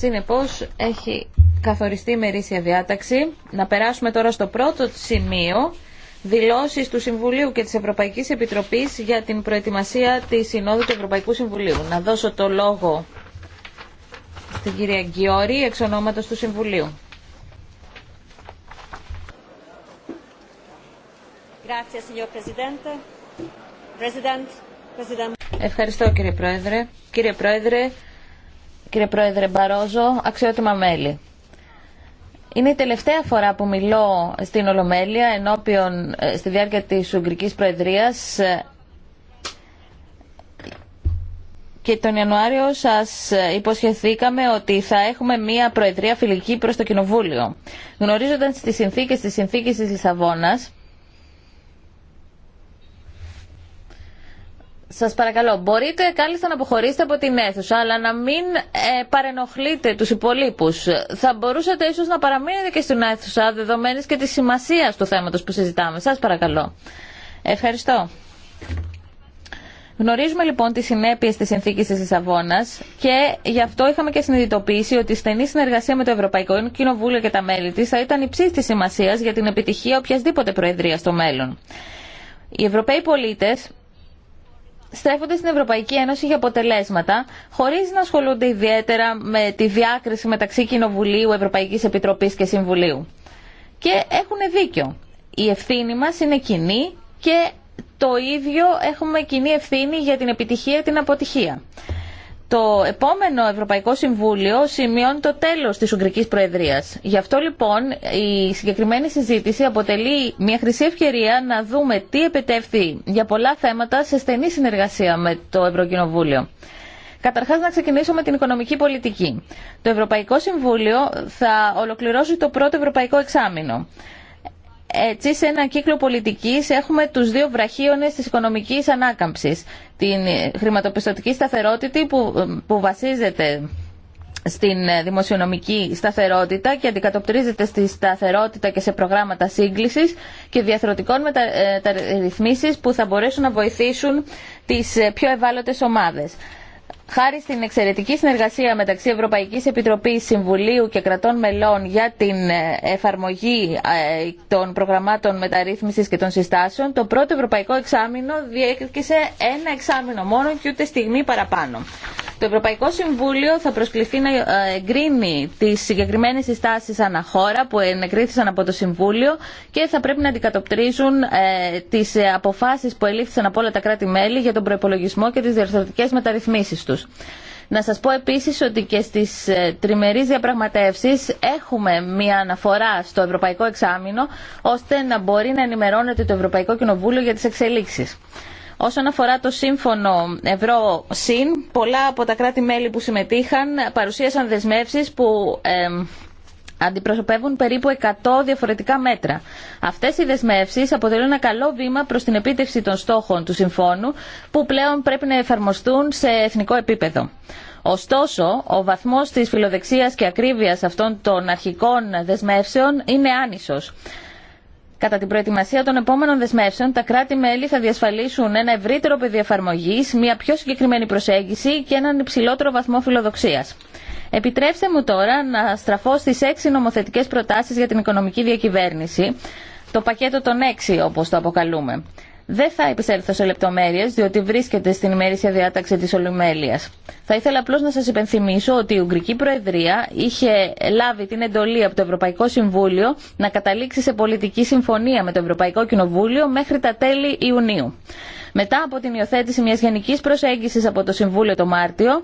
Συνεπώς έχει καθοριστεί η μερίσια διάταξη. Να περάσουμε τώρα στο πρώτο σημείο δηλώσεις του Συμβουλίου και της Ευρωπαϊκής Επιτροπής για την προετοιμασία της Συνόδου του Ευρωπαϊκού Συμβουλίου. Να δώσω το λόγο στην κυρία Γκιόρη, εξ ονόματος του Συμβουλίου. Ευχαριστώ κύριε Πρόεδρε. Κύριε Πρόεδρε, Κύριε Πρόεδρε Μπαρόζο, αξιότιμα μέλη. Είναι η τελευταία φορά που μιλώ στην Ολομέλεια ενώπιον ε, στη διάρκεια της Ουγγρικής Προεδρίας ε, και τον Ιανουάριο σας ε, υποσχεθήκαμε ότι θα έχουμε μία Προεδρία φιλική προς το Κοινοβούλιο. Γνωρίζοντας τις συνθήκες της συνθήκης της Λισαβόνας, Σα παρακαλώ, μπορείτε κάλλιστα να αποχωρήσετε από την αίθουσα, αλλά να μην ε, παρενοχλείτε του υπολείπου. Θα μπορούσατε ίσω να παραμείνετε και στην αίθουσα, δεδομένη και τη σημασία του θέματο που συζητάμε. Σα παρακαλώ. Ευχαριστώ. Γνωρίζουμε λοιπόν τι συνέπειε τη συνθήκη τη Λισαβόνα και γι' αυτό είχαμε και συνειδητοποιήσει ότι η στενή συνεργασία με το Ευρωπαϊκό Κοινοβούλιο και τα μέλη τη θα ήταν υψής τη σημασία για την επιτυχία οποιασδήποτε προεδρία στο μέλλον. Οι Ευρωπαίοι πολίτες στρέφονται στην Ευρωπαϊκή Ένωση για αποτελέσματα, χωρί να ασχολούνται ιδιαίτερα με τη διάκριση μεταξύ Κοινοβουλίου, Ευρωπαϊκής Επιτροπής και Συμβουλίου. Και έχουν δίκιο. Η ευθύνη μα είναι κοινή και το ίδιο έχουμε κοινή ευθύνη για την επιτυχία και την αποτυχία. Το επόμενο Ευρωπαϊκό Συμβούλιο σημειώνει το τέλος της Ουγγρικής Προεδρίας. Γι' αυτό λοιπόν η συγκεκριμένη συζήτηση αποτελεί μια χρυσή ευκαιρία να δούμε τι επιτεύχθη για πολλά θέματα σε στενή συνεργασία με το Ευρωκοινοβούλιο. Καταρχά, να ξεκινήσω με την οικονομική πολιτική. Το Ευρωπαϊκό Συμβούλιο θα ολοκληρώσει το πρώτο Ευρωπαϊκό Εξάμεινο. Έτσι, σε ένα κύκλο πολιτικής έχουμε τους δύο βραχίονες της οικονομικής ανάκαμψης. Την χρηματοπιστωτική σταθερότητα που, που βασίζεται στην δημοσιονομική σταθερότητα και αντικατοπτρίζεται στη σταθερότητα και σε προγράμματα σύγκλησης και διαθροτικών μεταρρυθμίσεις που θα μπορέσουν να βοηθήσουν τις πιο ευάλωτες ομάδες. Χάρη στην εξαιρετική συνεργασία μεταξύ Ευρωπαϊκής Επιτροπής Συμβουλίου και κρατών μελών για την ε, εφαρμογή ε, των προγραμμάτων μεταρρύθμισης και των συστάσεων, το πρώτο ευρωπαϊκό εξάμεινο διέκρισε ένα εξάμεινο μόνο και ούτε στιγμή παραπάνω. Το Ευρωπαϊκό Συμβούλιο θα προσκληθεί να ε, εγκρίνει τι συγκεκριμένε συστάσει αναχώρα που ενεκρίθησαν από το Συμβούλιο και θα πρέπει να αντικατοπτρίζουν ε, τι ε, αποφάσει που ελήφθησαν από όλα τα κράτη-μέλη για τον προπολογισμό και τι διορθωτικέ μεταρρυθμίσει του. Να σας πω επίσης ότι και στις τριμερείς διαπραγματεύσεις έχουμε μία αναφορά στο Ευρωπαϊκό Εξάμεινο ώστε να μπορεί να ενημερώνεται το Ευρωπαϊκό Κοινοβούλιο για τις εξελίξεις. Όσον αφορά το σύμφωνο Ευρώ-ΣΥΝ, πολλά από τα κράτη-μέλη που συμμετείχαν παρουσίασαν δεσμεύσεις που αντιπροσωπεύουν περίπου 100 διαφορετικά μέτρα. Αυτές οι δεσμεύσεις αποτελούν ένα καλό βήμα προς την επίτευξη των στόχων του συμφώνου που πλέον πρέπει να εφαρμοστούν σε εθνικό επίπεδο. Ωστόσο, ο βαθμός της φιλοδεξίας και ακρίβειας αυτών των αρχικών δεσμεύσεων είναι άνισος. Κατά την προετοιμασία των επόμενων δεσμεύσεων, τα κράτη-μέλη θα διασφαλίσουν ένα ευρύτερο πεδίο εφαρμογή, μια πιο συγκεκριμένη προσέγγιση και έναν υψηλότερο βαθμό φιλοδοξία. Επιτρέψτε μου τώρα να στραφώ στι έξι νομοθετικέ προτάσει για την οικονομική διακυβέρνηση, το πακέτο των έξι όπω το αποκαλούμε. Δεν θα επισέλθω σε λεπτομέρειε, διότι βρίσκεται στην ημερήσια διάταξη τη Ολομέλεια. Θα ήθελα απλώ να σα υπενθυμίσω ότι η Ουγγρική Προεδρία είχε λάβει την εντολή από το Ευρωπαϊκό Συμβούλιο να καταλήξει σε πολιτική συμφωνία με το Ευρωπαϊκό Κοινοβούλιο μέχρι τα τέλη Ιουνίου. Μετά από την υιοθέτηση μιας γενικής προσέγγισης από το Συμβούλιο το Μάρτιο,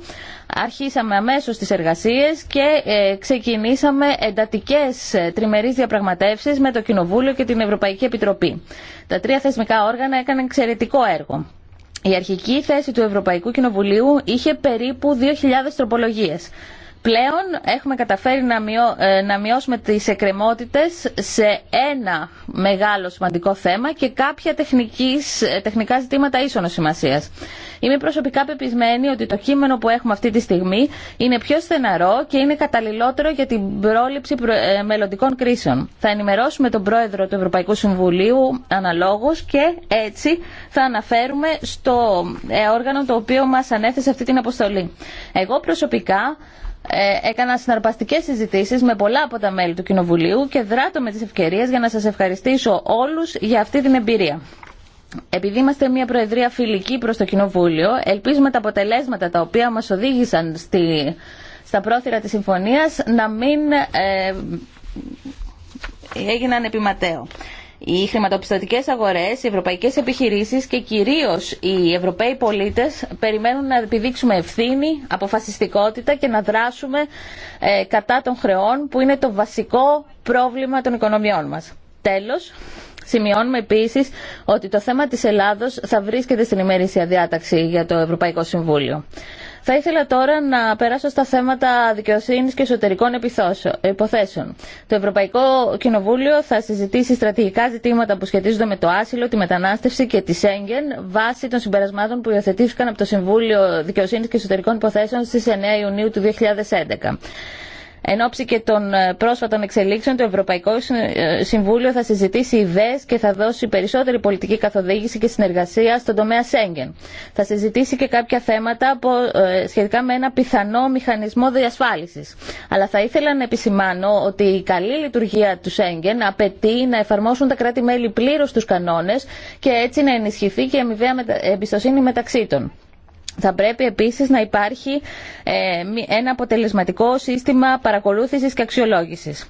αρχίσαμε αμέσω τις εργασίες και ε, ξεκινήσαμε εντατικέ ε, τριμερεί διαπραγματεύσει με το Κοινοβούλιο και την Ευρωπαϊκή Επιτροπή. Τα τρία θεσμικά όργανα έκαναν εξαιρετικό έργο. Η αρχική θέση του Ευρωπαϊκού Κοινοβουλίου είχε περίπου 2.000 τροπολογίες. Πλέον έχουμε καταφέρει να, μειώ, ε, να μειώσουμε τις εκκρεμότητες σε ένα μεγάλο σημαντικό θέμα και κάποια τεχνικής, ε, τεχνικά ζητήματα ίσονος σημασίας. Είμαι προσωπικά πεπισμένη ότι το κείμενο που έχουμε αυτή τη στιγμή είναι πιο στεναρό και είναι καταλληλότερο για την πρόληψη ε, μελλοντικών κρίσεων. Θα ενημερώσουμε τον Πρόεδρο του Ευρωπαϊκού Συμβουλίου αναλόγως και έτσι θα αναφέρουμε στο όργανο το οποίο μας ανέθεσε αυτή την αποστολή. Εγώ προσωπικά ε, έκανα συναρπαστικές συζητήσεις με πολλά από τα μέλη του Κοινοβουλίου και δράτω με τις ευκαιρίες για να σας ευχαριστήσω όλους για αυτή την εμπειρία. Επειδή είμαστε μια Προεδρία φιλική προς το Κοινοβούλιο, ελπίζουμε τα αποτελέσματα τα οποία μας οδήγησαν στη, στα πρόθυρα της συμφωνίας να μην ε, έγιναν επιματέω. Οι χρηματοπιστωτικές αγορές, οι ευρωπαϊκές επιχειρήσεις και κυρίως οι ευρωπαίοι πολίτες περιμένουν να επιδείξουμε ευθύνη, αποφασιστικότητα και να δράσουμε ε, κατά των χρεών που είναι το βασικό πρόβλημα των οικονομιών μας. Τέλος, σημειώνουμε επίσης ότι το θέμα της Ελλάδος θα βρίσκεται στην ημερήσια διάταξη για το Ευρωπαϊκό Συμβούλιο. Θα ήθελα τώρα να περάσω στα θέματα δικαιοσύνη και εσωτερικών υποθέσεων. Το Ευρωπαϊκό Κοινοβούλιο θα συζητήσει στρατηγικά ζητήματα που σχετίζονται με το άσυλο, τη μετανάστευση και τη Σέγγεν βάσει των συμπερασμάτων που υιοθετήθηκαν από το Συμβούλιο Δικαιοσύνη και Εσωτερικών Υποθέσεων στι 9 Ιουνίου του 2011. Εν ώψη και των ε, πρόσφατων εξελίξεων, το Ευρωπαϊκό ε, Συμβούλιο θα συζητήσει ιδέες και θα δώσει περισσότερη πολιτική καθοδήγηση και συνεργασία στον τομέα Σέγγεν. Θα συζητήσει και κάποια θέματα ε, σχετικά με ένα πιθανό μηχανισμό διασφάλισης. Αλλά θα ήθελα να επισημάνω ότι η καλή λειτουργία του Σέγγεν απαιτεί να εφαρμόσουν τα κράτη-μέλη πλήρως τους κανόνες και έτσι να ενισχυθεί και η αμοιβαία εμπιστοσύνη μεταξύ των. Θα πρέπει επίσης να υπάρχει ε, ένα αποτελεσματικό σύστημα παρακολούθησης και αξιολόγησης.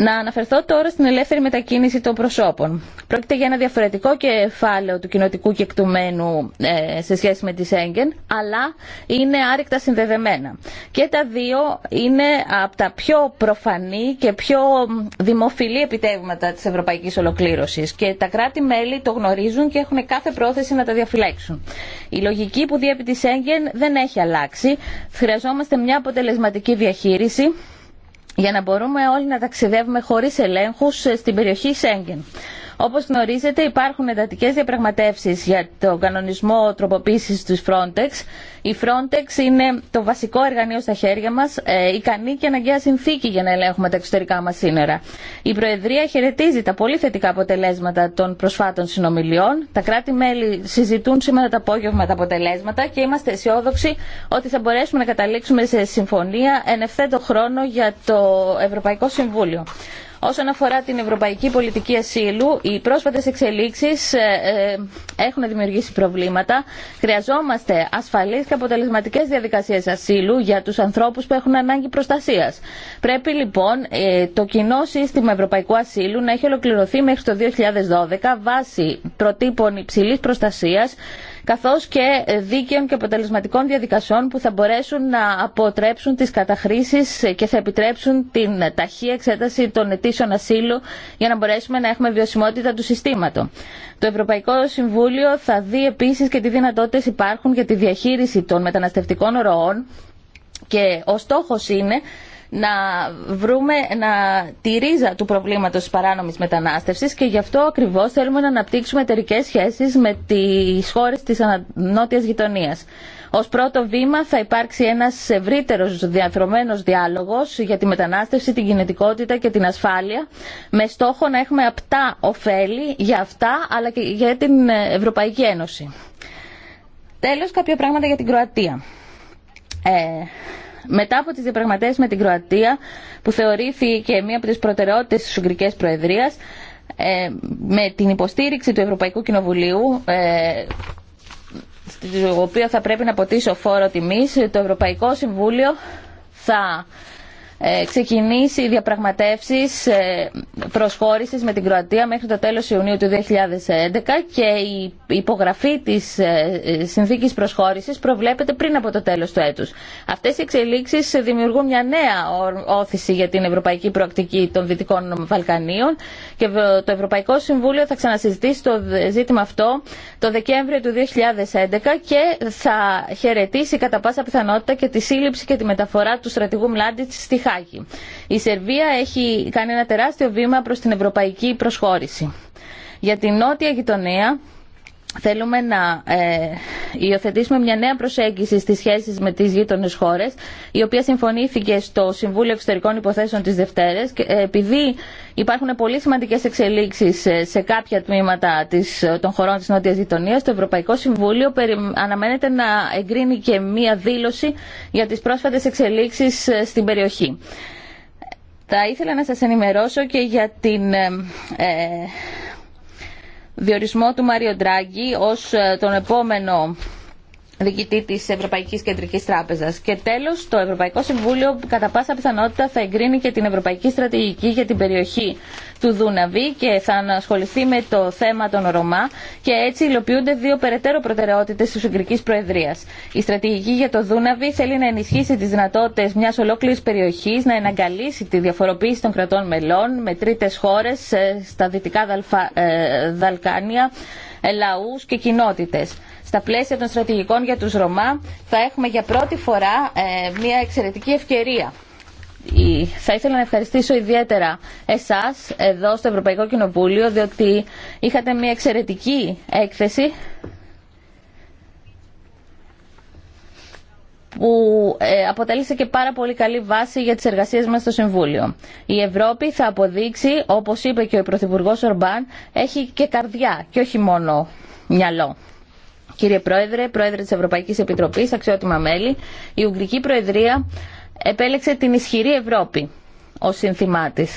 Να αναφερθώ τώρα στην ελεύθερη μετακίνηση των προσώπων. Πρόκειται για ένα διαφορετικό κεφάλαιο του κοινοτικού κεκτουμένου ε, σε σχέση με τη Σέγγεν, αλλά είναι άρρηκτα συνδεδεμένα. Και τα δύο είναι από τα πιο προφανή και πιο δημοφιλή επιτεύγματα της ευρωπαϊκής ολοκλήρωσης. Και τα κράτη-μέλη το γνωρίζουν και έχουν κάθε πρόθεση να τα διαφυλάξουν. Η λογική που διέπει τη Σέγγεν δεν έχει αλλάξει. Χρειαζόμαστε μια αποτελεσματική διαχείριση για να μπορούμε όλοι να ταξιδεύουμε χωρίς ελέγχους ε, στην περιοχή Σέγγεν. Όπως γνωρίζετε υπάρχουν εντατικές διαπραγματεύσεις για το κανονισμό τροποποίησης της Frontex. Η Frontex είναι το βασικό εργανείο στα χέρια μας, ε, ικανή και αναγκαία συνθήκη για να ελέγχουμε τα εξωτερικά μας σύνορα. Η Προεδρία χαιρετίζει τα πολύ θετικά αποτελέσματα των προσφάτων συνομιλιών. Τα κράτη-μέλη συζητούν σήμερα το απόγευμα τα αποτελέσματα και είμαστε αισιόδοξοι ότι θα μπορέσουμε να καταλήξουμε σε συμφωνία εν ευθέτω χρόνο για το Ευρωπαϊκό Συμβούλιο. Όσον αφορά την ευρωπαϊκή πολιτική ασύλου, οι πρόσφατες εξελίξεις ε, ε, έχουν δημιουργήσει προβλήματα. Χρειαζόμαστε ασφαλείς και αποτελεσματικές διαδικασίες ασύλου για τους ανθρώπους που έχουν ανάγκη προστασίας. Πρέπει λοιπόν ε, το κοινό σύστημα ευρωπαϊκού ασύλου να έχει ολοκληρωθεί μέχρι το 2012 βάσει προτύπων υψηλής προστασίας καθώς και δίκαιων και αποτελεσματικών διαδικασιών που θα μπορέσουν να αποτρέψουν τις καταχρήσεις και θα επιτρέψουν την ταχεία εξέταση των αιτήσεων ασύλου για να μπορέσουμε να έχουμε βιωσιμότητα του συστήματος. Το Ευρωπαϊκό Συμβούλιο θα δει επίσης και τι δυνατότητες υπάρχουν για τη διαχείριση των μεταναστευτικών ροών και ο στόχος είναι να βρούμε να, τη ρίζα του προβλήματος της παράνομης μετανάστευσης και γι' αυτό ακριβώς θέλουμε να αναπτύξουμε εταιρικέ σχέσεις με τις χώρες της νότιας γειτονίας. Ως πρώτο βήμα θα υπάρξει ένας ευρύτερος διαφρομένος διάλογος για τη μετανάστευση, την κινητικότητα και την ασφάλεια με στόχο να έχουμε απτά ωφέλη για αυτά αλλά και για την Ευρωπαϊκή Ένωση. Τέλος, κάποια πράγματα για την Κροατία. Ε, μετά από τις διαπραγματεύσεις με την Κροατία, που θεωρήθηκε μία από τις προτεραιότητες της Ουγγρικής Προεδρίας, ε, με την υποστήριξη του Ευρωπαϊκού Κοινοβουλίου, ε, στην οποία θα πρέπει να ο φόρο τιμής, το Ευρωπαϊκό Συμβούλιο θα ε, ξεκινήσει οι διαπραγματεύσεις ε, προσχώρησης με την Κροατία μέχρι το τέλος Ιουνίου του 2011 και η υπογραφή της ε, συνθήκης προσχώρησης προβλέπεται πριν από το τέλος του έτους. Αυτές οι εξελίξεις δημιουργούν μια νέα όθηση για την ευρωπαϊκή προακτική των Δυτικών Βαλκανίων και το Ευρωπαϊκό Συμβούλιο θα ξανασυζητήσει το ζήτημα αυτό το Δεκέμβριο του 2011 και θα χαιρετήσει κατά πάσα πιθανότητα και τη σύλληψη και τη μεταφορά του στρατηγού Μλάντιτ η Σερβία έχει κάνει ένα τεράστιο βήμα προς την ευρωπαϊκή προσχώρηση. Για την νότια γειτονία Θέλουμε να ε, υιοθετήσουμε μια νέα προσέγγιση στις σχέσεις με τις γείτονες χώρες, η οποία συμφωνήθηκε στο Συμβούλιο Εξωτερικών Υποθέσεων της Δευτέρες, ε, επειδή υπάρχουν πολύ σημαντικές εξελίξεις ε, σε κάποια τμήματα της, ε, των χωρών της Νότιας Γειτονίας, το Ευρωπαϊκό Συμβούλιο αναμένεται να εγκρίνει και μια δήλωση για τις πρόσφατες εξελίξεις στην περιοχή. Θα ήθελα να σας ενημερώσω και για την διορισμό του Μάριο Ντράγκη ως ε, τον επόμενο διοικητή τη Ευρωπαϊκή Κεντρική Τράπεζα. Και τέλο, το Ευρωπαϊκό Συμβούλιο κατά πάσα πιθανότητα θα εγκρίνει και την Ευρωπαϊκή Στρατηγική για την περιοχή του Δούναβη και θα ανασχοληθεί με το θέμα των Ρωμά και έτσι υλοποιούνται δύο περαιτέρω προτεραιότητε τη Ουγγρική Προεδρία. Η στρατηγική για το Δούναβη θέλει να ενισχύσει τι δυνατότητε μια ολόκληρη περιοχή να εναγκαλίσει τη διαφοροποίηση των κρατών μελών με τρίτε χώρε ε, στα δυτικά Δαλφα... Ε, Δαλκάνια, ε, λαού και κοινότητε στα πλαίσια των στρατηγικών για τους Ρωμά θα έχουμε για πρώτη φορά ε, μια εξαιρετική ευκαιρία. Θα ήθελα να ευχαριστήσω ιδιαίτερα εσάς εδώ στο Ευρωπαϊκό Κοινοβούλιο διότι είχατε μια εξαιρετική έκθεση που ε, αποτέλεσε και πάρα πολύ καλή βάση για τις εργασίες μας στο Συμβούλιο. Η Ευρώπη θα αποδείξει, όπως είπε και ο Πρωθυπουργός Ορμπάν, έχει και καρδιά και όχι μόνο μυαλό. Κύριε Πρόεδρε, Πρόεδρε της Ευρωπαϊκής Επιτροπής, αξιότιμα μέλη, η Ουγγρική Προεδρία επέλεξε την ισχυρή Ευρώπη ως σύνθημά της.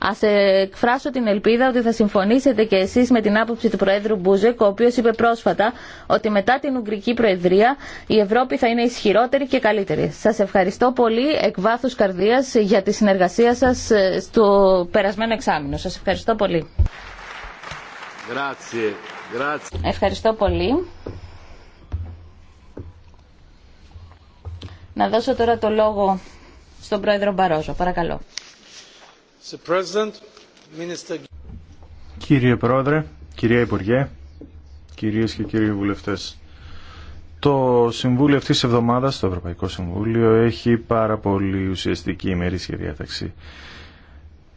Α εκφράσω την ελπίδα ότι θα συμφωνήσετε και εσείς με την άποψη του Προέδρου Μπούζεκ, ο οποίος είπε πρόσφατα ότι μετά την Ουγγρική Προεδρία η Ευρώπη θα είναι ισχυρότερη και καλύτερη. Σας ευχαριστώ πολύ εκ βάθους καρδίας για τη συνεργασία σας ε, στο περασμένο εξάμεινο. Σα ευχαριστώ πολύ. Ευχαριστώ πολύ. Να δώσω τώρα το λόγο στον Πρόεδρο Μπαρόζο. Παρακαλώ. Κύριε Πρόεδρε, κυρία Υπουργέ, κυρίες και κύριοι βουλευτές. Το Συμβούλιο αυτής της εβδομάδας, το Ευρωπαϊκό Συμβούλιο, έχει πάρα πολύ ουσιαστική ημερήσια διάταξη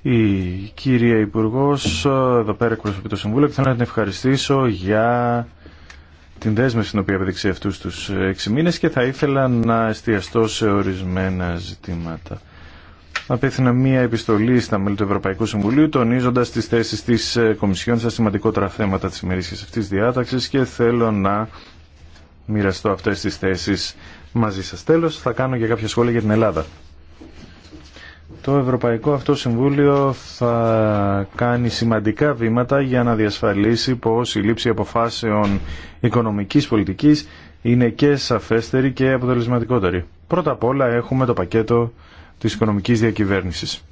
η κυρία Υπουργό, εδώ πέρα εκπροσωπεί το Συμβούλιο και θέλω να την ευχαριστήσω για την δέσμευση την οποία απέδειξε αυτού του έξι μήνε και θα ήθελα να εστιαστώ σε ορισμένα ζητήματα. Απέθυνα μία επιστολή στα μέλη του Ευρωπαϊκού Συμβουλίου τονίζοντα τι θέσει τη Κομισιόν στα σημαντικότερα θέματα τη ημερήσια αυτής διάταξη και θέλω να μοιραστώ αυτέ τι θέσει μαζί σα τέλο θα κάνω και κάποια σχόλια για την Ελλάδα. Το Ευρωπαϊκό αυτό Συμβούλιο θα κάνει σημαντικά βήματα για να διασφαλίσει πως η λήψη αποφάσεων οικονομικής πολιτικής είναι και σαφέστερη και αποτελεσματικότερη. Πρώτα απ' όλα έχουμε το πακέτο της οικονομικής διακυβέρνησης.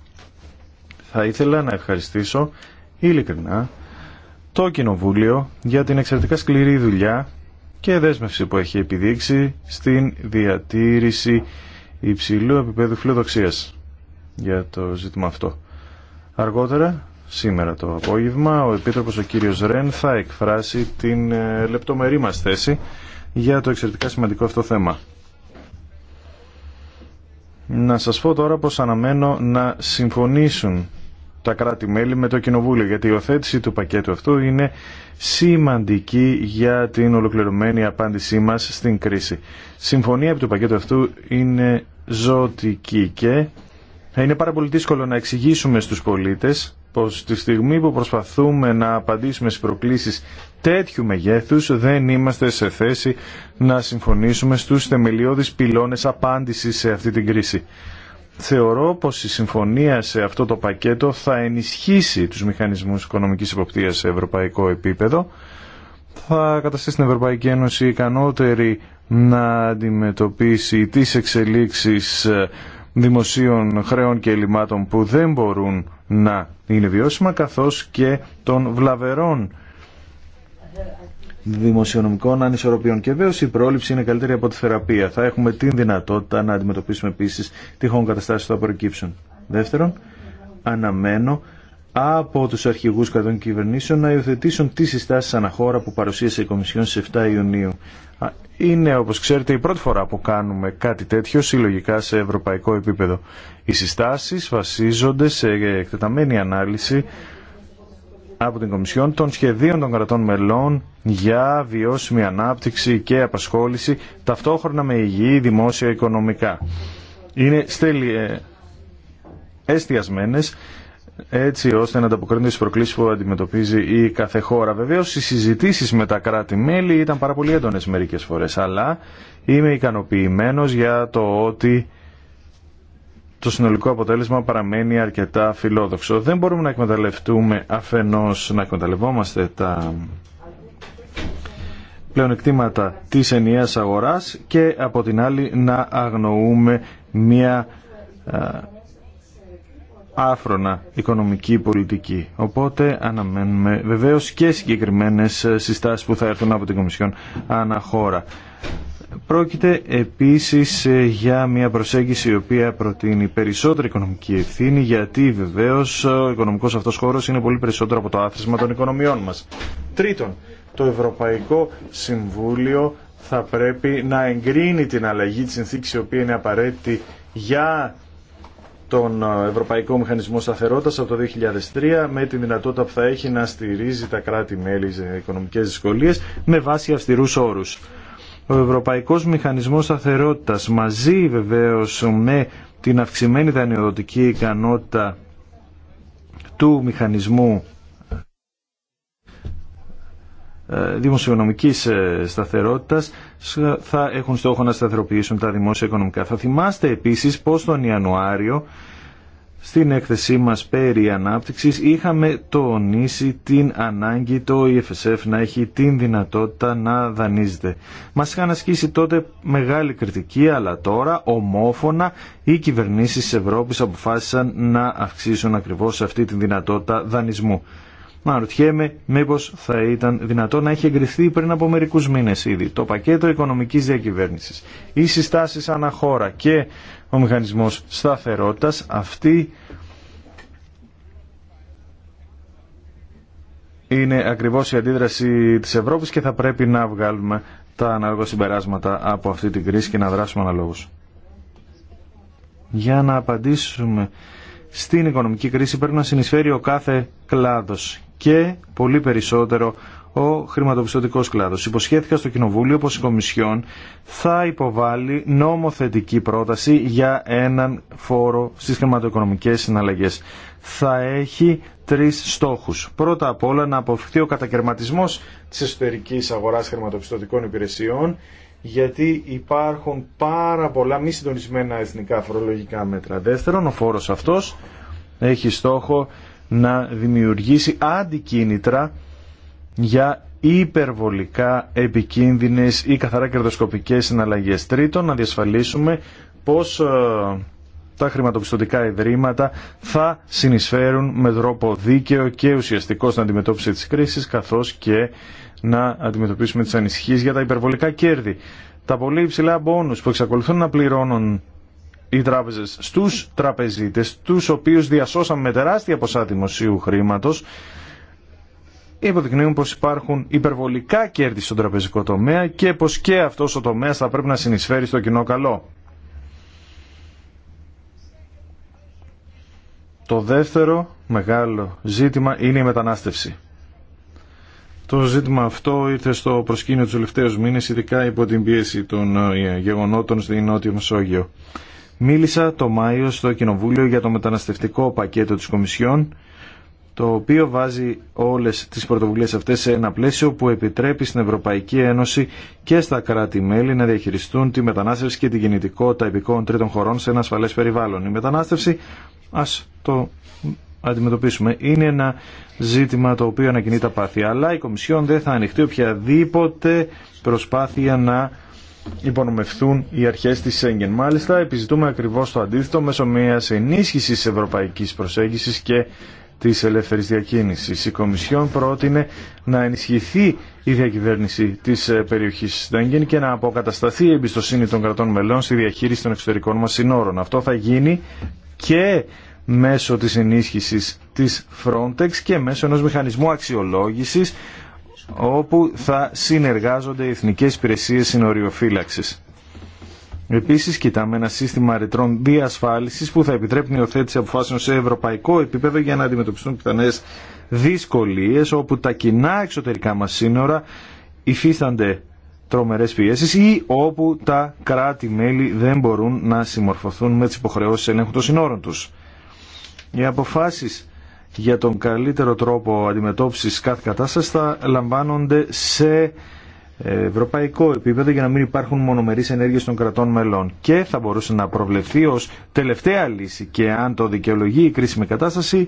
Θα ήθελα να ευχαριστήσω ειλικρινά το Κοινοβούλιο για την εξαιρετικά σκληρή δουλειά και δέσμευση που έχει επιδείξει στην διατήρηση υψηλού επίπεδου φιλοδοξίας για το ζήτημα αυτό. Αργότερα, σήμερα το απόγευμα, ο Επίτροπος ο κύριος Ρεν θα εκφράσει την ε, λεπτομερή μας θέση για το εξαιρετικά σημαντικό αυτό θέμα. Να σας πω τώρα πως αναμένω να συμφωνήσουν τα κράτη-μέλη με το Κοινοβούλιο, γιατί η οθέτηση του πακέτου αυτού είναι σημαντική για την ολοκληρωμένη απάντησή μας στην κρίση. Συμφωνία από το πακέτο αυτού είναι ζωτική και θα είναι πάρα πολύ δύσκολο να εξηγήσουμε στους πολίτες πως τη στιγμή που προσπαθούμε να απαντήσουμε στις προκλήσεις τέτοιου μεγέθους δεν είμαστε σε θέση να συμφωνήσουμε στους θεμελιώδεις πυλώνες απάντησης σε αυτή την κρίση. Θεωρώ πως η συμφωνία σε αυτό το πακέτο θα ενισχύσει τους μηχανισμούς οικονομικής υποπτίας σε ευρωπαϊκό επίπεδο, θα καταστήσει την Ευρωπαϊκή Ένωση ικανότερη να αντιμετωπίσει τις εξελίξεις δημοσίων χρέων και ελλημάτων που δεν μπορούν να είναι βιώσιμα καθώς και των βλαβερών δημοσιονομικών ανισορροπιών. Και βέβαια η πρόληψη είναι καλύτερη από τη θεραπεία. Θα έχουμε την δυνατότητα να αντιμετωπίσουμε επίση τυχόν καταστάσει που θα προκύψουν. Δεύτερον, αναμένω από τους αρχηγούς κρατών κυβερνήσεων να υιοθετήσουν τις συστάσεις αναχώρα που παρουσίασε η Κομισιόν στις 7 Ιουνίου. Είναι, όπως ξέρετε, η πρώτη φορά που κάνουμε κάτι τέτοιο συλλογικά σε ευρωπαϊκό επίπεδο. Οι συστάσεις βασίζονται σε εκτεταμένη ανάλυση από την Κομισιόν των σχεδίων των κρατών μελών για βιώσιμη ανάπτυξη και απασχόληση ταυτόχρονα με υγιή δημόσια οικονομικά. Είναι στέλιε εστιασμένες έτσι ώστε να ανταποκρίνονται τι προκλήσει που αντιμετωπίζει η κάθε χώρα. Βεβαίω οι συζητήσεις με τα κράτη-μέλη ήταν πάρα πολύ έντονε μερικές φορές, αλλά είμαι ικανοποιημένος για το ότι το συνολικό αποτέλεσμα παραμένει αρκετά φιλόδοξο. Δεν μπορούμε να εκμεταλλευτούμε αφενός να εκμεταλλευόμαστε τα πλεονεκτήματα της ενιαίας αγοράς και από την άλλη να αγνοούμε μια άφρονα οικονομική πολιτική. Οπότε αναμένουμε βεβαίως και συγκεκριμένες συστάσεις που θα έρθουν από την Κομισιόν αναχώρα. Πρόκειται επίσης ε, για μια προσέγγιση η οποία προτείνει περισσότερη οικονομική ευθύνη γιατί βεβαίως ο οικονομικός αυτός χώρος είναι πολύ περισσότερο από το άθροισμα των οικονομιών μας. Τρίτον, το Ευρωπαϊκό Συμβούλιο θα πρέπει να εγκρίνει την αλλαγή της συνθήκης η οποία είναι απαραίτητη για τον ε, Ευρωπαϊκό Μηχανισμό σταθερότητα από το 2003 με τη δυνατότητα που θα έχει να στηρίζει τα κράτη-μέλη σε οικονομικές δυσκολίες με βάση αυστηρού όρους. Ο Ευρωπαϊκός Μηχανισμός σταθερότητα μαζί βεβαίω με την αυξημένη δανειοδοτική ικανότητα του μηχανισμού ε, δημοσιονομικής ε, σταθερότητας θα έχουν στόχο να σταθεροποιήσουν τα δημόσια οικονομικά. Θα θυμάστε επίσης πως τον Ιανουάριο στην έκθεσή μας περί ανάπτυξης είχαμε τονίσει την ανάγκη το EFSF να έχει την δυνατότητα να δανείζεται. Μας είχαν ασκήσει τότε μεγάλη κριτική, αλλά τώρα ομόφωνα οι κυβερνήσεις της Ευρώπης αποφάσισαν να αυξήσουν ακριβώς αυτή τη δυνατότητα δανεισμού. Μα ρωτιέμαι μήπως θα ήταν δυνατό να έχει εγκριθεί πριν από μερικούς μήνες ήδη το πακέτο οικονομικής διακυβέρνησης, οι συστάσεις αναχώρα και ο μηχανισμός σταθερότητας, αυτή είναι ακριβώς η αντίδραση της Ευρώπης και θα πρέπει να βγάλουμε τα ανάλογα συμπεράσματα από αυτή την κρίση και να δράσουμε αναλόγως. Για να απαντήσουμε στην οικονομική κρίση πρέπει να συνεισφέρει ο κάθε κλάδος και πολύ περισσότερο ο χρηματοπιστωτικός κλάδος. Υποσχέθηκα στο Κοινοβούλιο πως η Κομισιόν θα υποβάλει νομοθετική πρόταση για έναν φόρο στις χρηματοοικονομικές συναλλαγές. Θα έχει τρεις στόχους. Πρώτα απ' όλα να αποφυχθεί ο κατακαιρματισμός της εσωτερικής αγοράς χρηματοπιστωτικών υπηρεσιών γιατί υπάρχουν πάρα πολλά μη συντονισμένα εθνικά φορολογικά μέτρα. Δεύτερον, ο φόρος αυτός έχει στόχο να δημιουργήσει αντικίνητρα για υπερβολικά επικίνδυνες ή καθαρά κερδοσκοπικές συναλλαγές. Τρίτον, να διασφαλίσουμε πως ε, τα χρηματοπιστωτικά ιδρύματα θα συνεισφέρουν με τρόπο δίκαιο και ουσιαστικό στην αντιμετώπιση της κρίσης καθώς και να αντιμετωπίσουμε τις ανησυχίες για τα υπερβολικά κέρδη. Τα πολύ υψηλά μπόνους που εξακολουθούν να πληρώνουν οι τράπεζε στου τραπεζίτες, τους οποίους διασώσαμε με τεράστια ποσά δημοσίου χρήματο, υποδεικνύουν πω υπάρχουν υπερβολικά κέρδη στον τραπεζικό τομέα και πω και αυτό ο τομέας θα πρέπει να συνεισφέρει στο κοινό καλό. Το δεύτερο μεγάλο ζήτημα είναι η μετανάστευση. Το ζήτημα αυτό ήρθε στο προσκήνιο του τελευταίου μήνε, ειδικά υπό την πίεση των ε, γεγονότων στην Νότια Μεσόγειο. Μίλησα το Μάιο στο Κοινοβούλιο για το μεταναστευτικό πακέτο της Κομισιόν, το οποίο βάζει όλες τις πρωτοβουλίες αυτές σε ένα πλαίσιο που επιτρέπει στην Ευρωπαϊκή Ένωση και στα κράτη-μέλη να διαχειριστούν τη μετανάστευση και την κινητικότητα επικών τρίτων χωρών σε ένα ασφαλές περιβάλλον. Η μετανάστευση, ας το αντιμετωπίσουμε, είναι ένα ζήτημα το οποίο ανακοινεί τα πάθη, αλλά η Κομισιόν δεν θα ανοιχτεί οποιαδήποτε προσπάθεια να υπονομευθούν οι αρχέ τη Σέγγεν. Μάλιστα, επιζητούμε ακριβώ το αντίθετο μέσω μια ενίσχυσης Ευρωπαϊκή προσέγγιση και τη ελεύθερη διακίνηση. Η Κομισιόν πρότεινε να ενισχυθεί η διακυβέρνηση τη ε, περιοχή Σέγγεν και να αποκατασταθεί η εμπιστοσύνη των κρατών μελών στη διαχείριση των εξωτερικών μα συνόρων. Αυτό θα γίνει και μέσω της ενίσχυσης της Frontex και μέσω ενός μηχανισμού αξιολόγησης όπου θα συνεργάζονται οι Εθνικές Υπηρεσίες Συνοριοφύλαξης. Επίσης, κοιτάμε ένα σύστημα ρητρών διασφάλισης που θα επιτρέπει την υιοθέτηση αποφάσεων σε ευρωπαϊκό επίπεδο για να αντιμετωπιστούν πιθανές δυσκολίες όπου τα κοινά εξωτερικά μας σύνορα υφίστανται τρομερές πιέσεις ή όπου τα κράτη-μέλη δεν μπορούν να συμμορφωθούν με τις υποχρεώσεις ελέγχου των συνόρων τους. Οι αποφάσεις για τον καλύτερο τρόπο αντιμετώπισης κάθε κατάσταση θα λαμβάνονται σε ε, ευρωπαϊκό επίπεδο για να μην υπάρχουν μονομερείς ενέργειες των κρατών μελών και θα μπορούσε να προβλεφθεί ως τελευταία λύση και αν το δικαιολογεί η κρίσιμη κατάσταση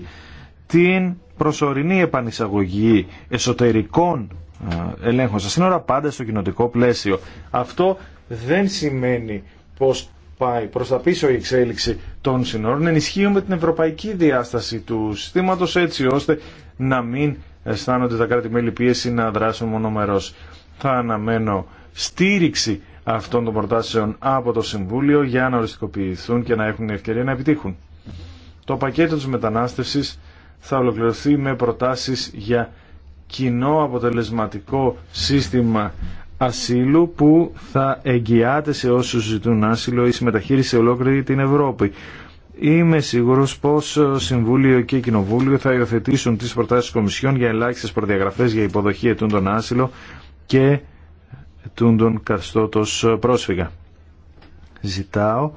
την προσωρινή επανεισαγωγή εσωτερικών ε, ελέγχων στα σύνορα πάντα στο κοινοτικό πλαίσιο. Αυτό δεν σημαίνει πως πάει προς τα πίσω η εξέλιξη των συνόρων, ενισχύουμε την ευρωπαϊκή διάσταση του συστήματος έτσι ώστε να μην αισθάνονται τα κράτη-μέλη πίεση να δράσουν μονομερός. Θα αναμένω στήριξη αυτών των προτάσεων από το Συμβούλιο για να οριστικοποιηθούν και να έχουν ευκαιρία να επιτύχουν. Το πακέτο της μετανάστευσης θα ολοκληρωθεί με προτάσεις για κοινό αποτελεσματικό σύστημα ασύλου που θα εγγυάται σε όσους ζητούν άσυλο ή συμμεταχείριση σε ολόκληρη την Ευρώπη. Είμαι σίγουρος πως Συμβούλιο και Κοινοβούλιο θα υιοθετήσουν τις προτάσεις Κομισιόν για ελάχιστες προδιαγραφέ για υποδοχή ετούντων άσυλο και ετούντων καθιστώτο πρόσφυγα. Ζητάω,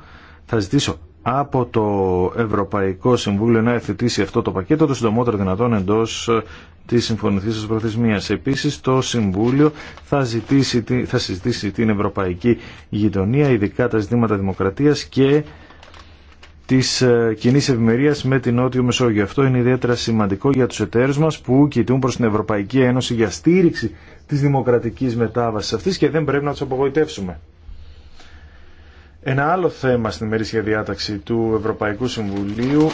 θα ζητήσω από το Ευρωπαϊκό Συμβούλιο να εθετήσει αυτό το πακέτο το συντομότερο δυνατόν εντός ε, της συμφωνηθής προθεσμίας. Επίσης το Συμβούλιο θα, ζητήσει, θα συζητήσει την Ευρωπαϊκή Γειτονία, ειδικά τα ζητήματα δημοκρατίας και της ε, κοινή ευημερία με την Νότιο Μεσόγειο. Αυτό είναι ιδιαίτερα σημαντικό για τους εταίρους μα που κοιτούν προς την Ευρωπαϊκή Ένωση για στήριξη της δημοκρατικής μετάβασης αυτής και δεν πρέπει να του απογοητεύσουμε. Ένα άλλο θέμα στην ημερήσια διάταξη του Ευρωπαϊκού Συμβουλίου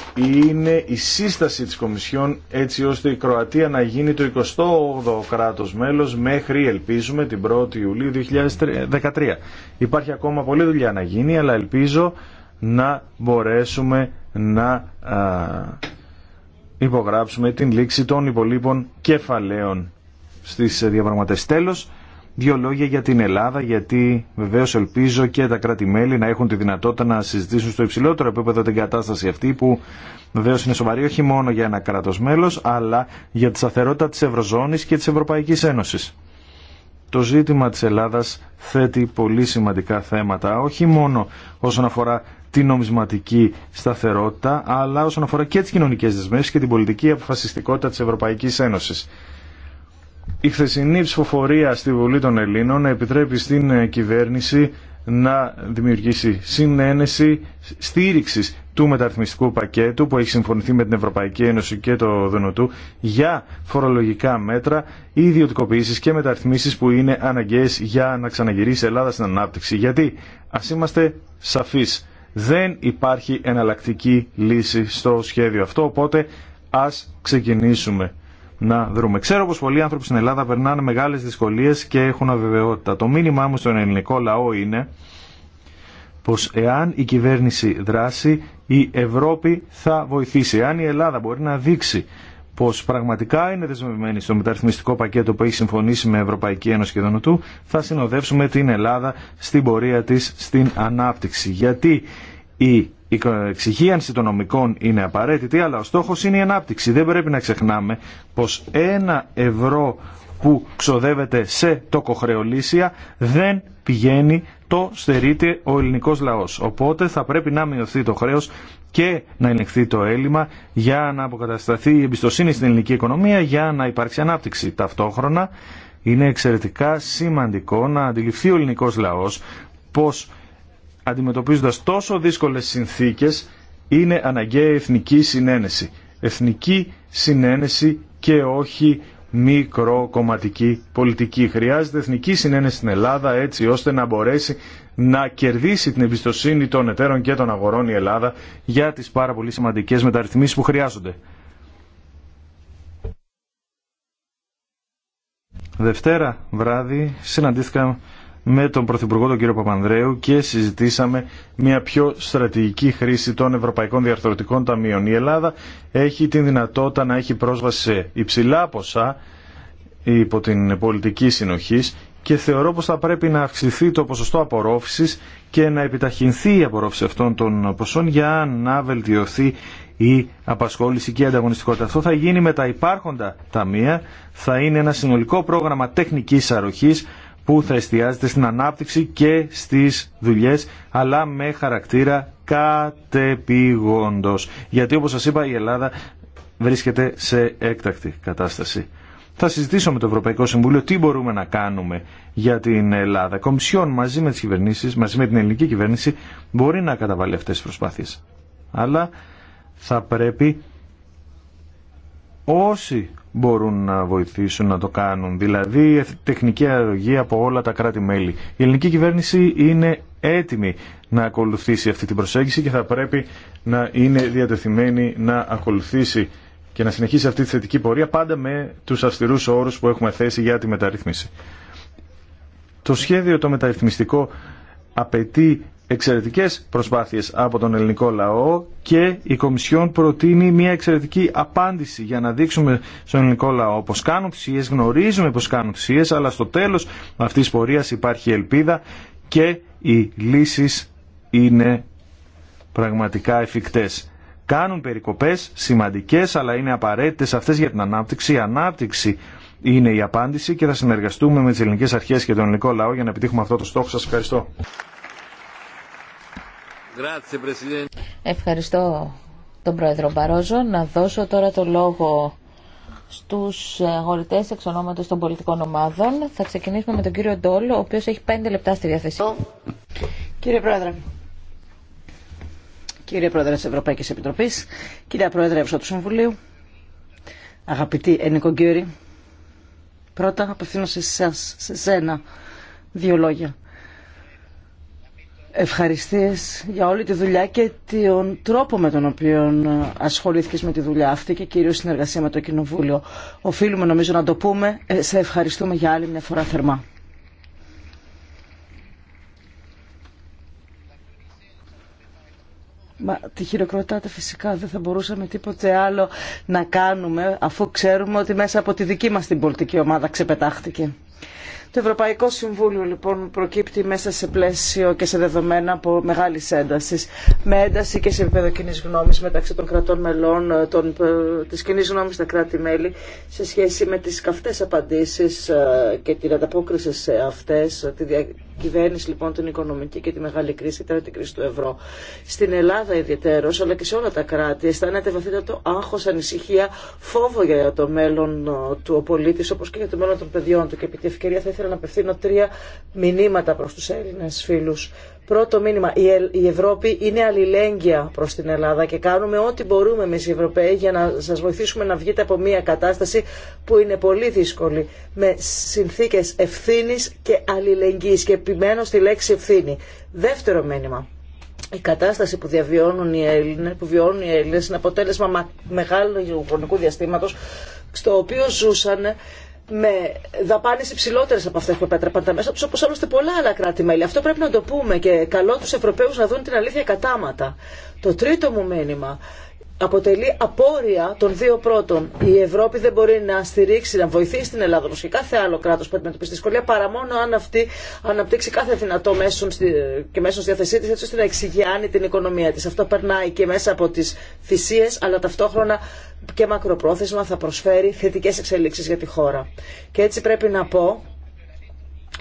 είναι η σύσταση της Κομισιόν έτσι ώστε η Κροατία να γίνει το 28ο κράτος μέλος μέχρι ελπίζουμε την 1η Ιουλίου 2013. Υπάρχει ακόμα πολλή δουλειά να γίνει αλλά ελπίζω να μπορέσουμε να υπογράψουμε την λήξη των υπολείπων κεφαλαίων στις διαπραγματεύσεις. Δύο λόγια για την Ελλάδα, γιατί βεβαίω ελπίζω και τα κράτη-μέλη να έχουν τη δυνατότητα να συζητήσουν στο υψηλότερο επίπεδο την κατάσταση αυτή, που βεβαίω είναι σοβαρή όχι μόνο για ένα κράτο μέλο, αλλά για τη σταθερότητα τη Ευρωζώνη και τη Ευρωπαϊκή Ένωση. Το ζήτημα τη Ελλάδα θέτει πολύ σημαντικά θέματα, όχι μόνο όσον αφορά την νομισματική σταθερότητα, αλλά όσον αφορά και τι κοινωνικέ δεσμεύσει και την πολιτική αποφασιστικότητα τη Ευρωπαϊκή Ένωση. Η χθεσινή ψηφοφορία στη Βουλή των Ελλήνων επιτρέπει στην ε, κυβέρνηση να δημιουργήσει συνένεση στήριξης του μεταρρυθμιστικού πακέτου που έχει συμφωνηθεί με την Ευρωπαϊκή Ένωση και το ΔΝΤ για φορολογικά μέτρα, ιδιωτικοποιήσεις και μεταρρυθμίσεις που είναι αναγκαίες για να ξαναγυρίσει η Ελλάδα στην ανάπτυξη. Γιατί ας είμαστε σαφείς, δεν υπάρχει εναλλακτική λύση στο σχέδιο αυτό, οπότε ας ξεκινήσουμε να δρούμε. Ξέρω πως πολλοί άνθρωποι στην Ελλάδα περνάνε μεγάλες δυσκολίες και έχουν αβεβαιότητα. Το μήνυμά μου στον ελληνικό λαό είναι πως εάν η κυβέρνηση δράσει η Ευρώπη θα βοηθήσει. Εάν η Ελλάδα μπορεί να δείξει πως πραγματικά είναι δεσμευμένη στο μεταρρυθμιστικό πακέτο που έχει συμφωνήσει με Ευρωπαϊκή Ένωση και του, θα συνοδεύσουμε την Ελλάδα στην πορεία τη στην ανάπτυξη. Γιατί η η εξυγίανση των νομικών είναι απαραίτητη, αλλά ο στόχος είναι η ανάπτυξη. Δεν πρέπει να ξεχνάμε πως ένα ευρώ που ξοδεύεται σε τοκοχρεολύσια δεν πηγαίνει, το στερείται ο ελληνικός λαός. Οπότε θα πρέπει να μειωθεί το χρέος και να ελεγχθεί το έλλειμμα για να αποκατασταθεί η εμπιστοσύνη στην ελληνική οικονομία για να υπάρξει ανάπτυξη. Ταυτόχρονα είναι εξαιρετικά σημαντικό να αντιληφθεί ο ελληνικός λαός πως αντιμετωπίζοντας τόσο δύσκολες συνθήκες είναι αναγκαία εθνική συνένεση. Εθνική συνένεση και όχι μικροκομματική πολιτική. Χρειάζεται εθνική συνένεση στην Ελλάδα έτσι ώστε να μπορέσει να κερδίσει την εμπιστοσύνη των εταίρων και των αγορών η Ελλάδα για τις πάρα πολύ σημαντικές μεταρρυθμίσεις που χρειάζονται. Δευτέρα βράδυ συναντήθηκαμε με τον Πρωθυπουργό τον κύριο Παπανδρέου και συζητήσαμε μια πιο στρατηγική χρήση των Ευρωπαϊκών Διαρθρωτικών Ταμείων. Η Ελλάδα έχει την δυνατότητα να έχει πρόσβαση σε υψηλά ποσά υπό την πολιτική συνοχή και θεωρώ πως θα πρέπει να αυξηθεί το ποσοστό απορρόφησης και να επιταχυνθεί η απορρόφηση αυτών των ποσών για να βελτιωθεί η απασχόληση και η ανταγωνιστικότητα. Αυτό θα γίνει με τα υπάρχοντα ταμεία, θα είναι ένα συνολικό πρόγραμμα τεχνικής αρροχής, που θα εστιάζεται στην ανάπτυξη και στις δουλειές, αλλά με χαρακτήρα κατεπηγόντος. Γιατί όπως σας είπα η Ελλάδα βρίσκεται σε έκτακτη κατάσταση. Θα συζητήσω με το Ευρωπαϊκό Συμβούλιο τι μπορούμε να κάνουμε για την Ελλάδα. Κομισιόν μαζί με τις κυβερνήσεις, μαζί με την ελληνική κυβέρνηση μπορεί να καταβάλει αυτές τις προσπάθειες. Αλλά θα πρέπει όσοι μπορούν να βοηθήσουν να το κάνουν. Δηλαδή τεχνική αερογή από όλα τα κράτη-μέλη. Η ελληνική κυβέρνηση είναι έτοιμη να ακολουθήσει αυτή την προσέγγιση και θα πρέπει να είναι διατεθειμένη να ακολουθήσει και να συνεχίσει αυτή τη θετική πορεία πάντα με τους αυστηρούς όρους που έχουμε θέσει για τη μεταρρύθμιση. Το σχέδιο το μεταρρυθμιστικό απαιτεί εξαιρετικές προσπάθειες από τον ελληνικό λαό και η Κομισιόν προτείνει μια εξαιρετική απάντηση για να δείξουμε στον ελληνικό λαό πως κάνουν θυσίες, γνωρίζουμε πως κάνουν θυσίες, αλλά στο τέλος αυτής της πορείας υπάρχει ελπίδα και οι λύσεις είναι πραγματικά εφικτές. Κάνουν περικοπές σημαντικές, αλλά είναι απαραίτητες αυτές για την ανάπτυξη. Η ανάπτυξη είναι η απάντηση και θα συνεργαστούμε με τις ελληνικές αρχές και τον ελληνικό λαό για να επιτύχουμε αυτό το στόχο. Σας ευχαριστώ. Ευχαριστώ τον Πρόεδρο Μπαρόζο. Να δώσω τώρα το λόγο στους αγορητές εξ ονόματος των πολιτικών ομάδων. Θα ξεκινήσουμε με τον κύριο Ντόλ, ο οποίος έχει πέντε λεπτά στη διάθεση. Κύριε Πρόεδρε. Κύριε Πρόεδρε της Ευρωπαϊκής Επιτροπής, κύριε Πρόεδρε του Συμβουλίου, αγαπητοί Ενικό πρώτα απευθύνω σε εσάς, σε σένα, δύο λόγια ευχαριστίες για όλη τη δουλειά και τον τρόπο με τον οποίο ασχολήθηκες με τη δουλειά αυτή και κυρίως συνεργασία με το Κοινοβούλιο. Οφείλουμε νομίζω να το πούμε. Ε, σε ευχαριστούμε για άλλη μια φορά θερμά. Μα τη χειροκροτάτε φυσικά, δεν θα μπορούσαμε τίποτε άλλο να κάνουμε αφού ξέρουμε ότι μέσα από τη δική μας την πολιτική ομάδα ξεπετάχτηκε. Το Ευρωπαϊκό Συμβούλιο λοιπόν προκύπτει μέσα σε πλαίσιο και σε δεδομένα από μεγάλη ένταση. Με ένταση και σε επίπεδο κοινή γνώμη μεταξύ των κρατών μελών, ε, ε, τη κοινή γνώμη στα κράτη-μέλη, σε σχέση με τι καυτέ απαντήσει ε, και την ανταπόκριση σε αυτέ, τη διακυβέρνηση λοιπόν την οικονομική και τη μεγάλη κρίση, τώρα την κρίση του ευρώ. Στην Ελλάδα ιδιαίτερω, αλλά και σε όλα τα κράτη, αισθάνεται βαθύτατο άγχο, ανησυχία, φόβο για το μέλλον του πολίτη, όπω και για το μέλλον των παιδιών του. Και επί ευκαιρία ήθελα να απευθύνω τρία μηνύματα προς τους Έλληνες φίλους. Πρώτο μήνυμα, η Ευρώπη είναι αλληλέγγυα προς την Ελλάδα και κάνουμε ό,τι μπορούμε εμείς οι Ευρωπαίοι για να σας βοηθήσουμε να βγείτε από μια κατάσταση που είναι πολύ δύσκολη με συνθήκες ευθύνης και αλληλεγγύης και επιμένω στη λέξη ευθύνη. Δεύτερο μήνυμα, η κατάσταση που διαβιώνουν οι Έλληνες, που βιώνουν οι Έλληνες είναι αποτέλεσμα μεγάλου χρονικού διαστήματος στο οποίο ζούσαν με δαπάνε υψηλότερε από αυτέ που επέτρεπαν τα μέσα του, όπω άλλωστε πολλά άλλα κράτη-μέλη. Αυτό πρέπει να το πούμε και καλό του Ευρωπαίου να δουν την αλήθεια κατάματα. Το τρίτο μου μήνυμα αποτελεί απόρρια των δύο πρώτων. Η Ευρώπη δεν μπορεί να στηρίξει, να βοηθήσει την Ελλάδα, όπω και κάθε άλλο κράτο που αντιμετωπίζει δυσκολία, παρά μόνο αν αυτή αναπτύξει κάθε δυνατό μέσο και μέσο στη διάθεσή τη, έτσι ώστε να εξηγειάνει την οικονομία τη. Αυτό περνάει και μέσα από τι θυσίε, αλλά ταυτόχρονα και μακροπρόθεσμα θα προσφέρει θετικέ εξελίξει για τη χώρα. Και έτσι πρέπει να πω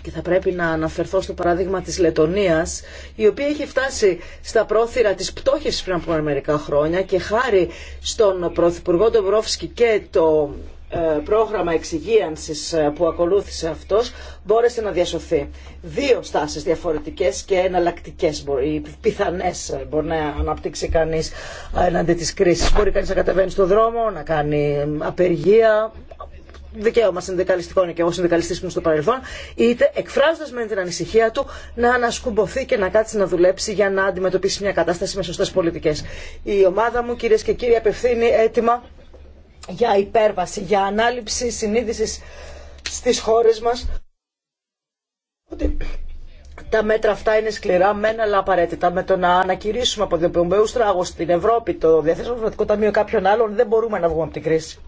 και θα πρέπει να αναφερθώ στο παράδειγμα της Λετωνίας, η οποία έχει φτάσει στα πρόθυρα της πτώχης πριν από μερικά χρόνια και χάρη στον Πρωθυπουργό Ντομπρόφσκι και το ε, πρόγραμμα εξυγίανσης ε, που ακολούθησε αυτός μπόρεσε να διασωθεί. Δύο στάσεις διαφορετικές και εναλλακτικές πιθανέ πιθανές ε, μπορεί να αναπτύξει κανείς έναντι της κρίσης. Μπορεί κανείς να κατεβαίνει στον δρόμο, να κάνει απεργία, δικαίωμα συνδικαλιστικών και εγώ συνδικαλιστή που είμαι στο παρελθόν, είτε εκφράζοντα με την ανησυχία του να ανασκουμποθεί και να κάτσει να δουλέψει για να αντιμετωπίσει μια κατάσταση με σωστέ πολιτικέ. Η ομάδα μου, κυρίε και κύριοι, απευθύνει έτοιμα για υπέρβαση, για ανάληψη συνείδηση στι χώρε μα ότι τα μέτρα αυτά είναι σκληρά, μεν αλλά απαραίτητα. Με το να ανακηρύσουμε από τον Πομπέου Στράγο στην Ευρώπη το Διεθνέ Πραγματικό Ταμείο κάποιων άλλων, δεν μπορούμε να βγούμε από την κρίση.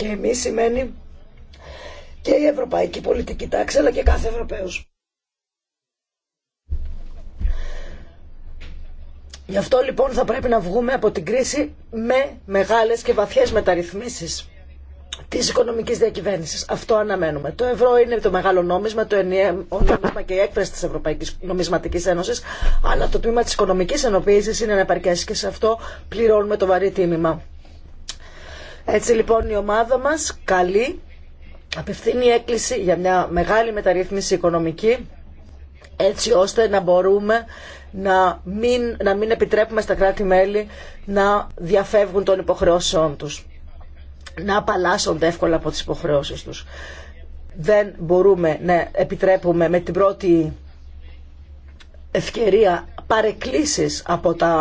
και εμείς σημαίνει και η ευρωπαϊκή πολιτική τάξη αλλά και κάθε Ευρωπαίος. Γι' αυτό λοιπόν θα πρέπει να βγούμε από την κρίση με μεγάλες και βαθιές μεταρρυθμίσεις της οικονομικής διακυβέρνησης. Αυτό αναμένουμε. Το ευρώ είναι το μεγάλο νόμισμα, το ενιαίο νόμισμα και η έκφραση της Ευρωπαϊκής Νομισματικής Ένωσης, αλλά το τμήμα της οικονομικής ενοποίησης είναι να επαρκέσει και σε αυτό πληρώνουμε το βαρύ τίμημα. Έτσι λοιπόν η ομάδα μας καλεί, απευθύνει έκκληση για μια μεγάλη μεταρρύθμιση οικονομική έτσι ώστε να μπορούμε να μην, να μην επιτρέπουμε στα κράτη-μέλη να διαφεύγουν των υποχρεώσεών τους, να απαλλάσσονται εύκολα από τις υποχρεώσεις τους. Δεν μπορούμε να επιτρέπουμε με την πρώτη ευκαιρία παρεκκλήσεις από, τα,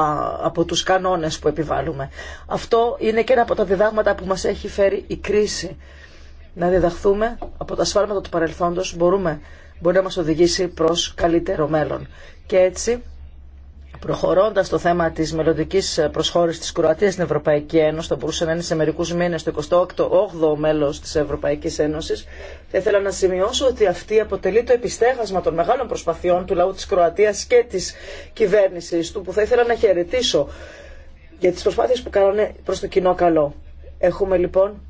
από τους κανόνες που επιβάλλουμε. Αυτό είναι και ένα από τα διδάγματα που μας έχει φέρει η κρίση. Να διδαχθούμε από τα σφάλματα του παρελθόντος μπορούμε, μπορεί να μας οδηγήσει προς καλύτερο μέλλον. Και έτσι προχωρώντα το θέμα τη μελλοντική προσχώρηση τη Κροατία στην Ευρωπαϊκή Ένωση, θα μπορούσε να είναι σε μερικού μήνε το 28ο μέλο τη Ευρωπαϊκή Ένωση, θα ήθελα να σημειώσω ότι αυτή αποτελεί το επιστέγασμα των μεγάλων προσπαθειών του λαού τη Κροατία και τη κυβέρνηση του, που θα ήθελα να χαιρετήσω για τι προσπάθειε που κάνουν προ το κοινό καλό. Έχουμε λοιπόν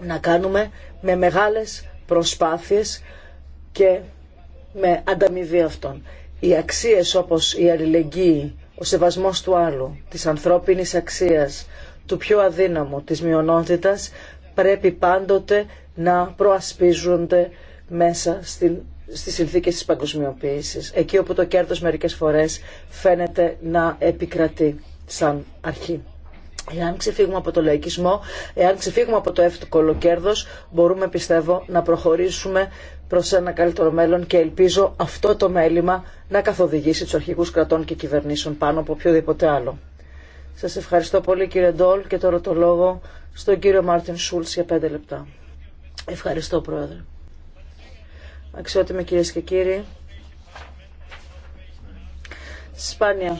να κάνουμε με μεγάλε προσπάθειε και με ανταμοιβή αυτών οι αξίες όπως η αλληλεγγύη, ο σεβασμός του άλλου, της ανθρώπινης αξίας, του πιο αδύναμου, της μειονότητας, πρέπει πάντοτε να προασπίζονται μέσα στην, στις συνθήκες της παγκοσμιοποίησης, εκεί όπου το κέρδος μερικές φορές φαίνεται να επικρατεί σαν αρχή. Εάν ξεφύγουμε από το λαϊκισμό, εάν ξεφύγουμε από το εύκολο κέρδο, μπορούμε πιστεύω να προχωρήσουμε προ ένα καλύτερο μέλλον και ελπίζω αυτό το μέλημα να καθοδηγήσει του αρχηγού κρατών και κυβερνήσεων πάνω από οποιοδήποτε άλλο. Σα ευχαριστώ πολύ κύριε Ντόλ και τώρα το λόγο στον κύριο Μάρτιν Σούλτ για πέντε λεπτά. Ευχαριστώ πρόεδρε. Αξιότιμοι κυρίε και κύριοι. Σπάνια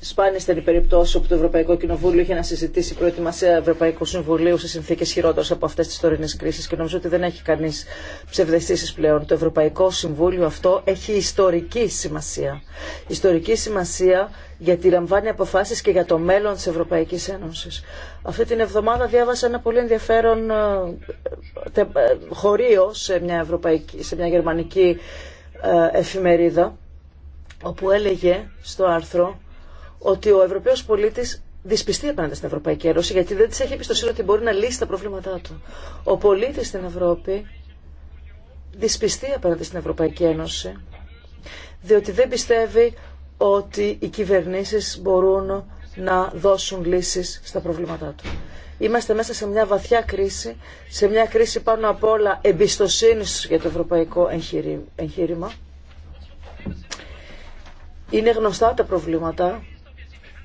σπάνιστερη ήταν οι περιπτώσει όπου το Ευρωπαϊκό Κοινοβούλιο είχε να συζητήσει προετοιμασία Ευρωπαϊκού Συμβουλίου σε συνθήκε χειρότερε από αυτέ τη τωρινή κρίση και νομίζω ότι δεν έχει κανεί ψευδεστήσει πλέον. Το Ευρωπαϊκό Συμβούλιο αυτό έχει ιστορική σημασία. Ιστορική σημασία γιατί λαμβάνει αποφάσει και για το μέλλον τη Ευρωπαϊκή Ένωση. Αυτή την εβδομάδα διάβασα ένα πολύ ενδιαφέρον ε, ε, χωρίο σε μια, ευρωπαϊκή, σε μια γερμανική ε, εφημερίδα όπου έλεγε στο άρθρο ότι ο Ευρωπαίος πολίτης δυσπιστεί απέναντι στην Ευρωπαϊκή Ένωση γιατί δεν τη έχει εμπιστοσύνη ότι μπορεί να λύσει τα προβλήματά του. Ο πολίτης στην Ευρώπη δυσπιστεί απέναντι στην Ευρωπαϊκή Ένωση διότι δεν πιστεύει ότι οι κυβερνήσεις μπορούν να δώσουν λύσεις στα προβλήματά του. Είμαστε μέσα σε μια βαθιά κρίση, σε μια κρίση πάνω απ' όλα εμπιστοσύνη για το ευρωπαϊκό εγχείρημα. Είναι γνωστά τα προβλήματα,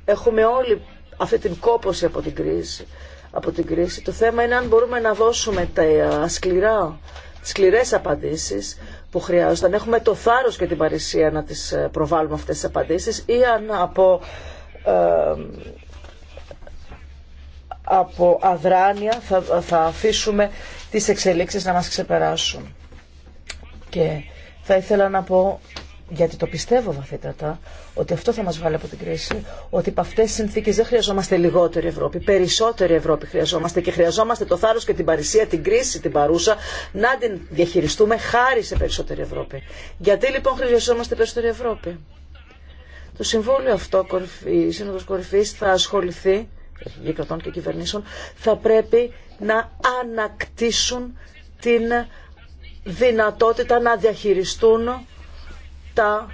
Έχουμε όλοι αυτή την κόπωση από την κρίση. Από την κρίση. Το θέμα είναι αν μπορούμε να δώσουμε τα ε, σκληρά, σκληρές απαντήσεις που χρειάζονται. Αν έχουμε το θάρρος και την παρησία να τις ε, προβάλλουμε αυτές τις απαντήσεις ή αν από, από αδράνεια θα, θα αφήσουμε τις εξελίξεις να μας ξεπεράσουν. Και θα ήθελα να πω γιατί το πιστεύω βαθύτατα, ότι αυτό θα μας βάλει από την κρίση, ότι από αυτές τις συνθήκες δεν χρειαζόμαστε λιγότερη Ευρώπη, περισσότερη Ευρώπη χρειαζόμαστε και χρειαζόμαστε το θάρρος και την παρησία, την κρίση, την παρούσα, να την διαχειριστούμε χάρη σε περισσότερη Ευρώπη. Γιατί λοιπόν χρειαζόμαστε περισσότερη Ευρώπη. Το συμβόλαιο αυτό, η Σύνοδος Κορυφής, θα ασχοληθεί, αρχηγοί κρατών και κυβερνήσεων, θα πρέπει να ανακτήσουν την δυνατότητα να διαχειριστούν τα,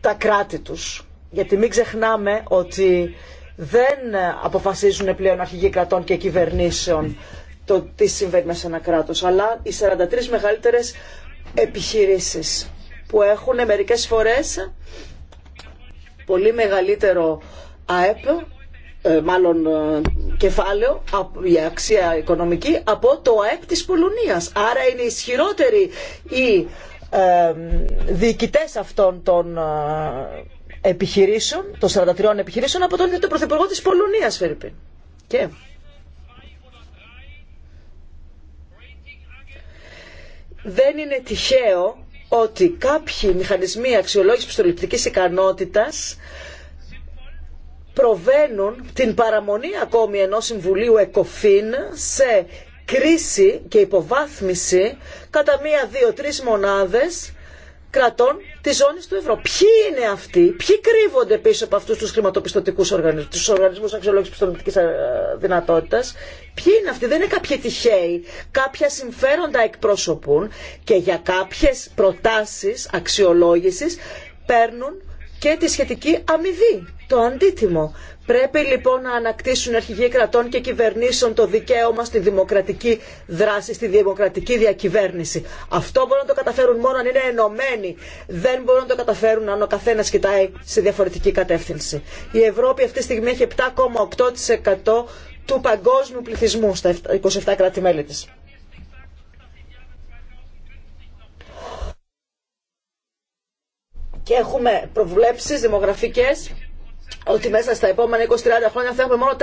τα κράτη τους. Γιατί μην ξεχνάμε ότι δεν αποφασίζουν πλέον αρχηγοί κρατών και κυβερνήσεων το τι συμβαίνει μέσα σε ένα κράτος, αλλά οι 43 μεγαλύτερες επιχειρήσεις που έχουν μερικές φορές πολύ μεγαλύτερο ΑΕΠ ε, μάλλον ε, κεφάλαιο η αξία οικονομική από το ΑΕΠ της Πολωνίας. Άρα είναι ισχυρότεροι οι ε, διοικητές αυτών των ε, επιχειρήσεων, των 43 επιχειρήσεων από τον ίδιο τον Πρωθυπουργό της Πολωνίας, Φερρυπίν. Και... Δεν είναι τυχαίο ότι κάποιοι μηχανισμοί αξιολόγησης πιστοληπτικής ικανότητας προβαίνουν την παραμονή ακόμη ενός Συμβουλίου ΕΚΟΦΗΝ σε κρίση και υποβάθμιση κατά μία, δύο, τρεις μονάδες κρατών της ζώνης του ευρώ. Ποιοι είναι αυτοί, ποιοι κρύβονται πίσω από αυτούς τους χρηματοπιστωτικούς οργανισμούς, τους οργανισμούς αξιολόγησης πιστοποιητικής ε, δυνατότητας, ποιοι είναι αυτοί, δεν είναι κάποιοι τυχαίοι, κάποια συμφέροντα εκπροσωπούν και για κάποιες προτάσεις αξιολόγησης παίρνουν και τη σχετική αμοιβή, το αντίτιμο. Πρέπει λοιπόν να ανακτήσουν αρχηγοί κρατών και κυβερνήσεων το δικαίωμα στη δημοκρατική δράση, στη δημοκρατική διακυβέρνηση. Αυτό μπορούν να το καταφέρουν μόνο αν είναι ενωμένοι. Δεν μπορούν να το καταφέρουν αν ο καθένα κοιτάει σε διαφορετική κατεύθυνση. Η Ευρώπη αυτή τη στιγμή έχει 7,8% του παγκόσμιου πληθυσμού στα 27 κράτη-μέλη της. και έχουμε προβλέψεις δημογραφικές ότι μέσα στα επόμενα 20-30 χρόνια θα έχουμε μόνο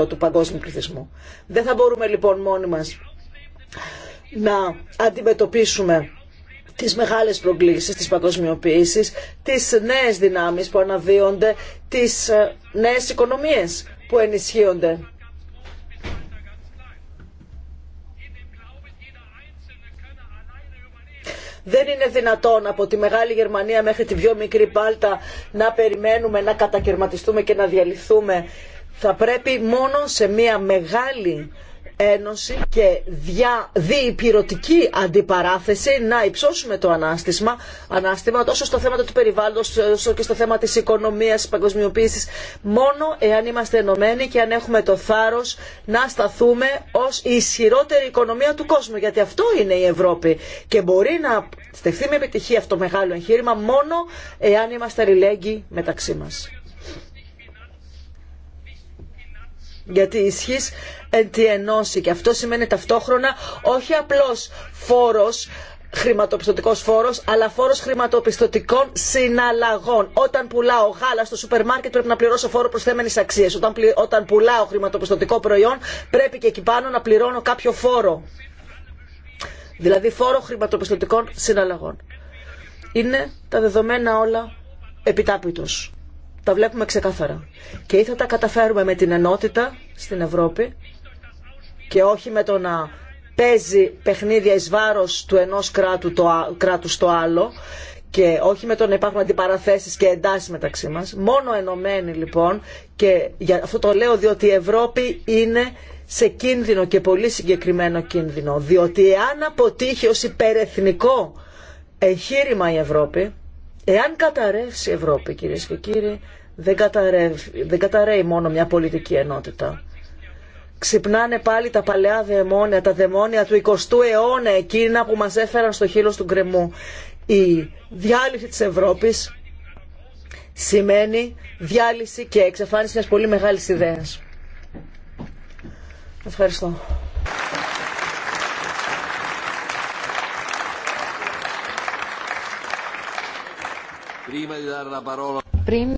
4% του παγκόσμιου πληθυσμού. Δεν θα μπορούμε λοιπόν μόνοι μας να αντιμετωπίσουμε τις μεγάλες προκλήσεις της παγκοσμιοποίησης, τις νέες δυνάμεις που αναδύονται, τις ε, νέες οικονομίες που ενισχύονται. Δεν είναι δυνατόν από τη Μεγάλη Γερμανία μέχρι τη πιο μικρή Πάλτα να περιμένουμε, να κατακαιρματιστούμε και να διαλυθούμε. Θα πρέπει μόνο σε μια μεγάλη ένωση και δια, διυπηρωτική αντιπαράθεση να υψώσουμε το ανάστημα, ανάστημα τόσο στο θέμα του περιβάλλοντος όσο και στο θέμα της οικονομίας, της παγκοσμιοποίησης μόνο εάν είμαστε ενωμένοι και αν έχουμε το θάρρος να σταθούμε ως η ισχυρότερη οικονομία του κόσμου γιατί αυτό είναι η Ευρώπη και μπορεί να στεφθεί με επιτυχία αυτό το μεγάλο εγχείρημα μόνο εάν είμαστε αλληλέγγυοι μεταξύ μας. γιατί ισχύς εν και αυτό σημαίνει ταυτόχρονα όχι απλώς φόρος χρηματοπιστωτικός φόρος αλλά φόρος χρηματοπιστωτικών συναλλαγών. Όταν πουλάω γάλα στο σούπερ μάρκετ πρέπει να πληρώσω φόρο προσθέμενης αξίας. Όταν, όταν πουλάω χρηματοπιστωτικό προϊόν πρέπει και εκεί πάνω να πληρώνω κάποιο φόρο. Δηλαδή φόρο χρηματοπιστωτικών συναλλαγών. Είναι τα δεδομένα όλα επιτάπητος τα βλέπουμε ξεκάθαρα. Και ή θα τα καταφέρουμε με την ενότητα στην Ευρώπη και όχι με το να παίζει παιχνίδια εις βάρος του ενός κράτου το, κράτους στο άλλο και όχι με το να υπάρχουν αντιπαραθέσεις και εντάσεις μεταξύ μας. Μόνο ενωμένοι λοιπόν και για αυτό το λέω διότι η Ευρώπη είναι σε κίνδυνο και πολύ συγκεκριμένο κίνδυνο. Διότι εάν αποτύχει ως υπερεθνικό εγχείρημα η Ευρώπη, εάν καταρρεύσει η Ευρώπη κυρίες και κύριοι, δεν, δεν καταραίει μόνο μια πολιτική ενότητα. Ξυπνάνε πάλι τα παλαιά δαιμόνια, τα δαιμόνια του 20ου αιώνα, εκείνα που μας έφεραν στο χείλος του γκρεμού. Η διάλυση της Ευρώπης σημαίνει διάλυση και εξαφάνιση μιας πολύ μεγάλης ιδέας. Ευχαριστώ. Πριν